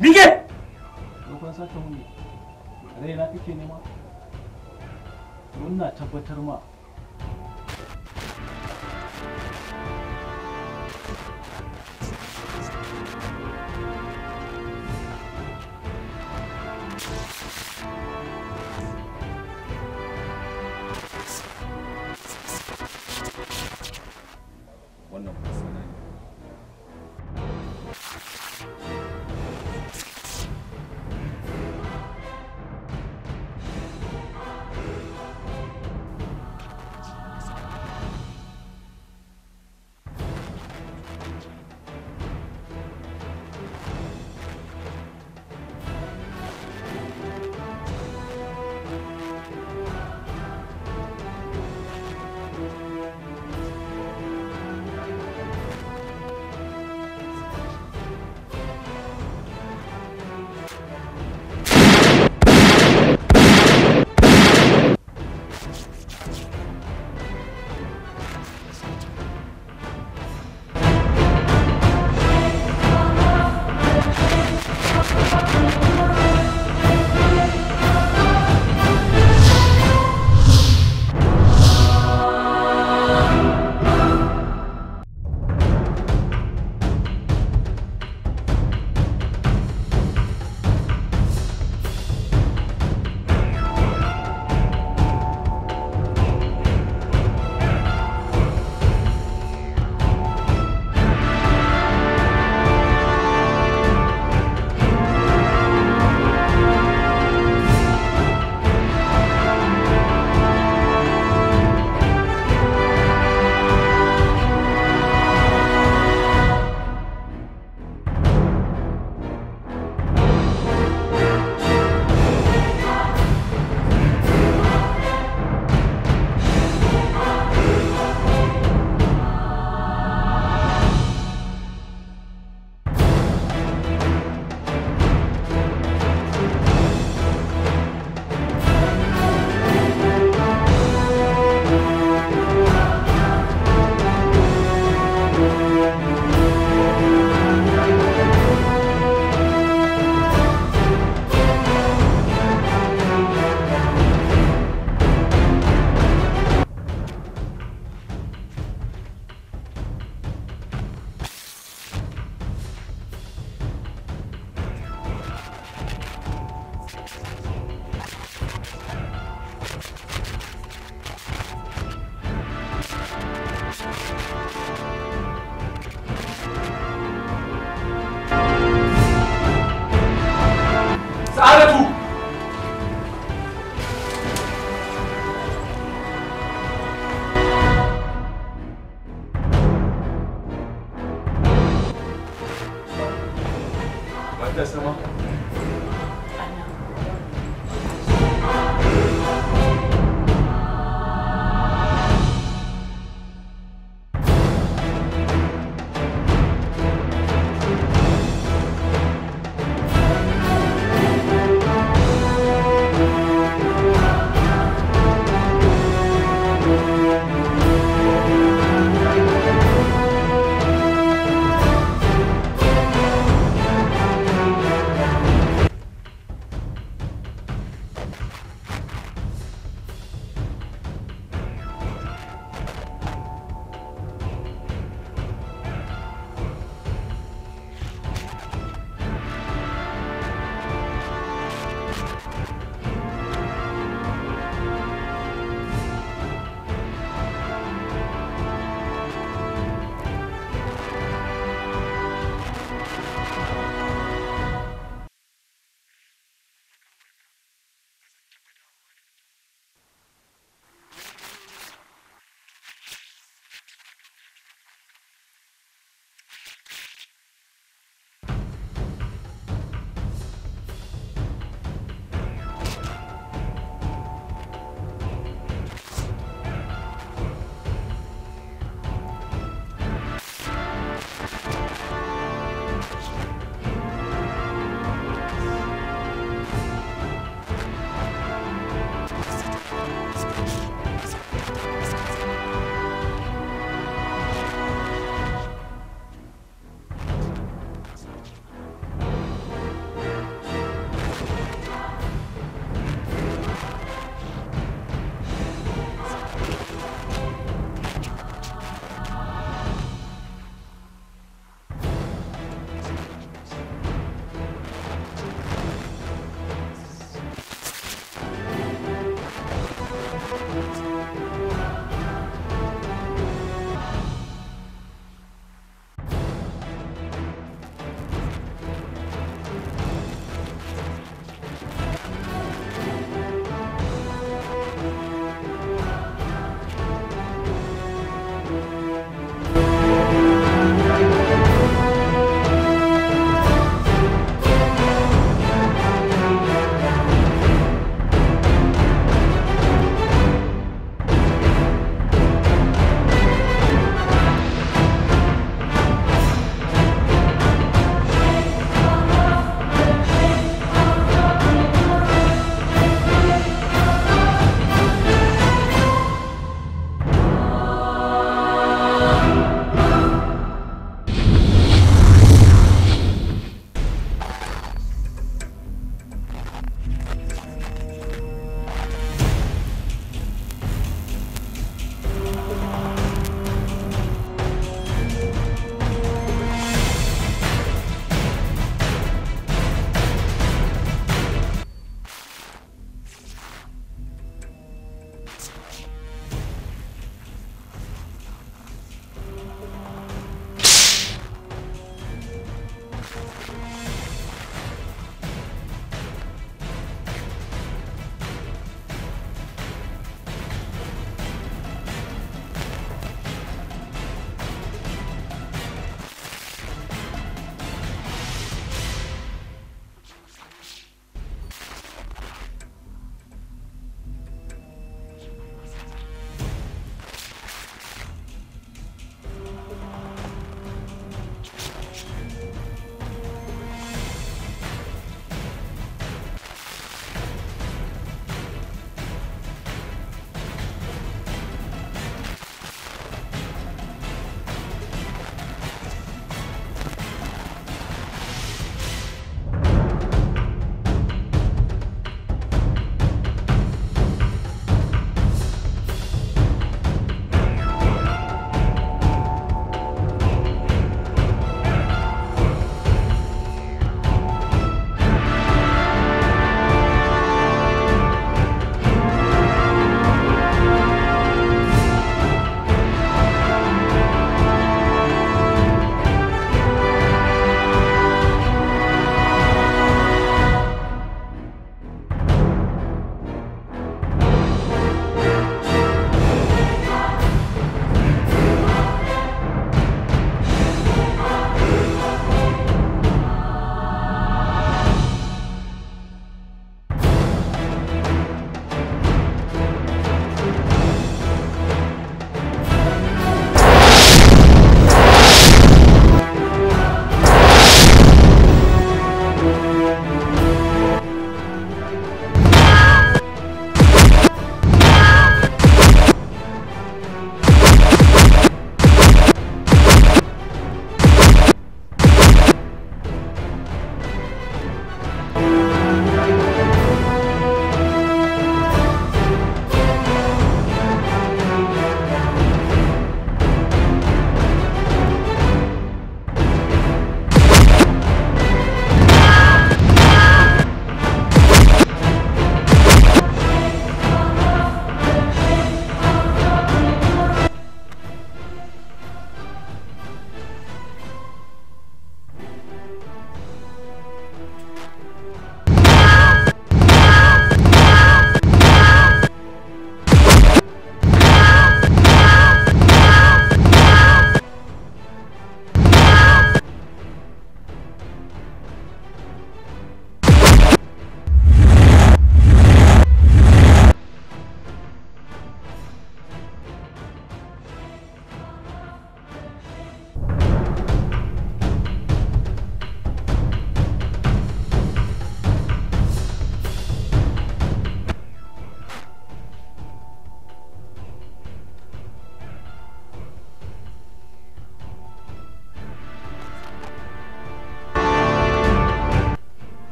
Mike! Dogon sata mu ne, raina kake nema? Muna tabbatar ma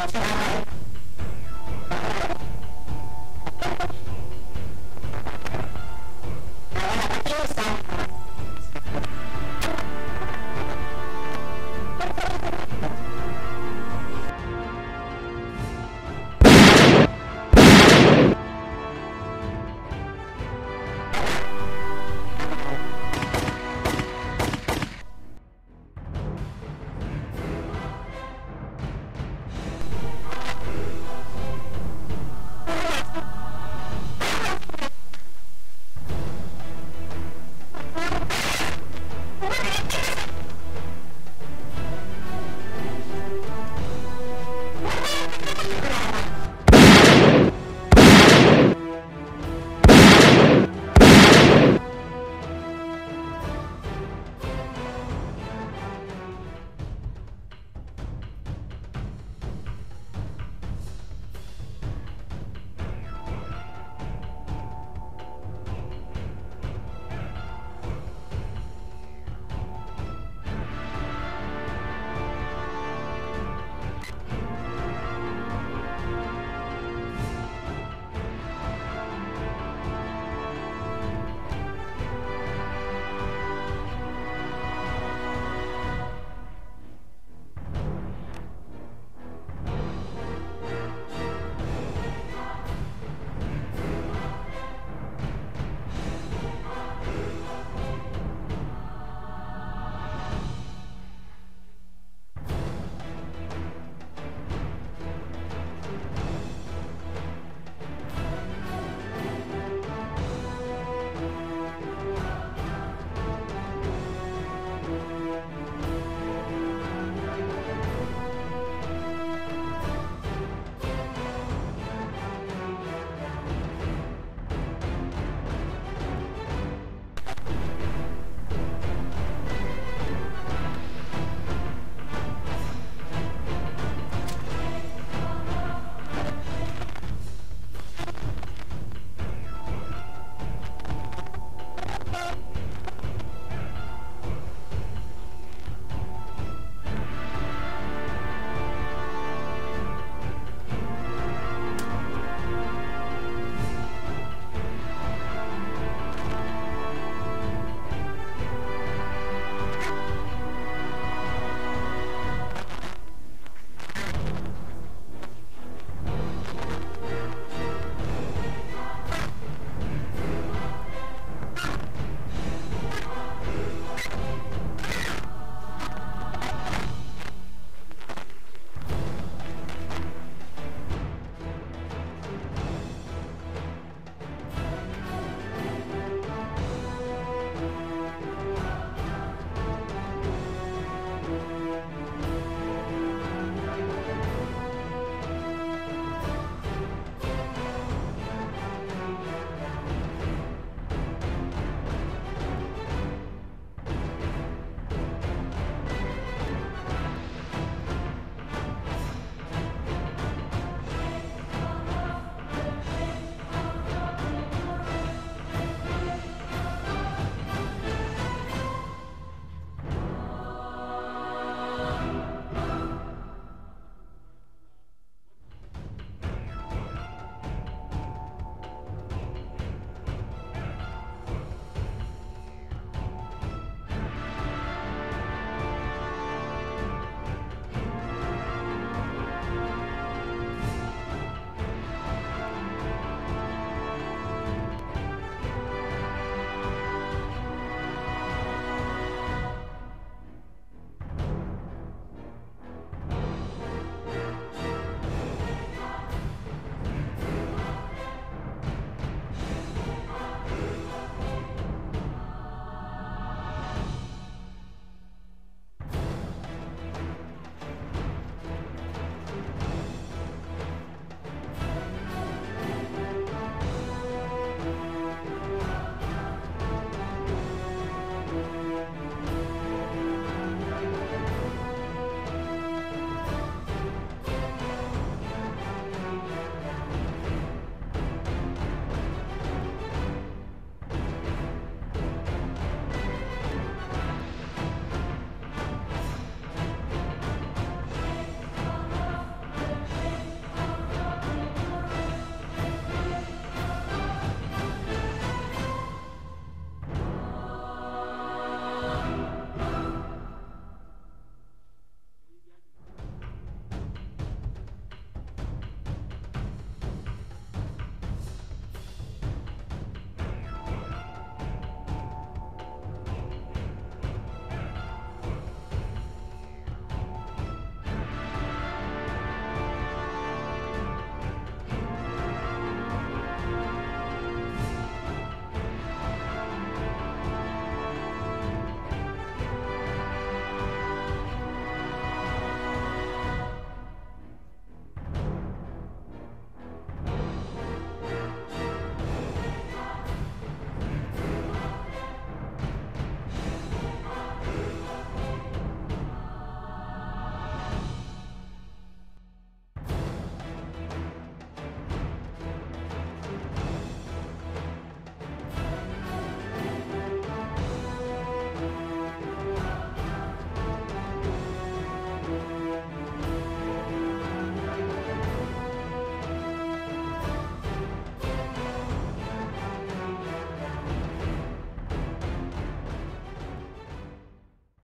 場所がい。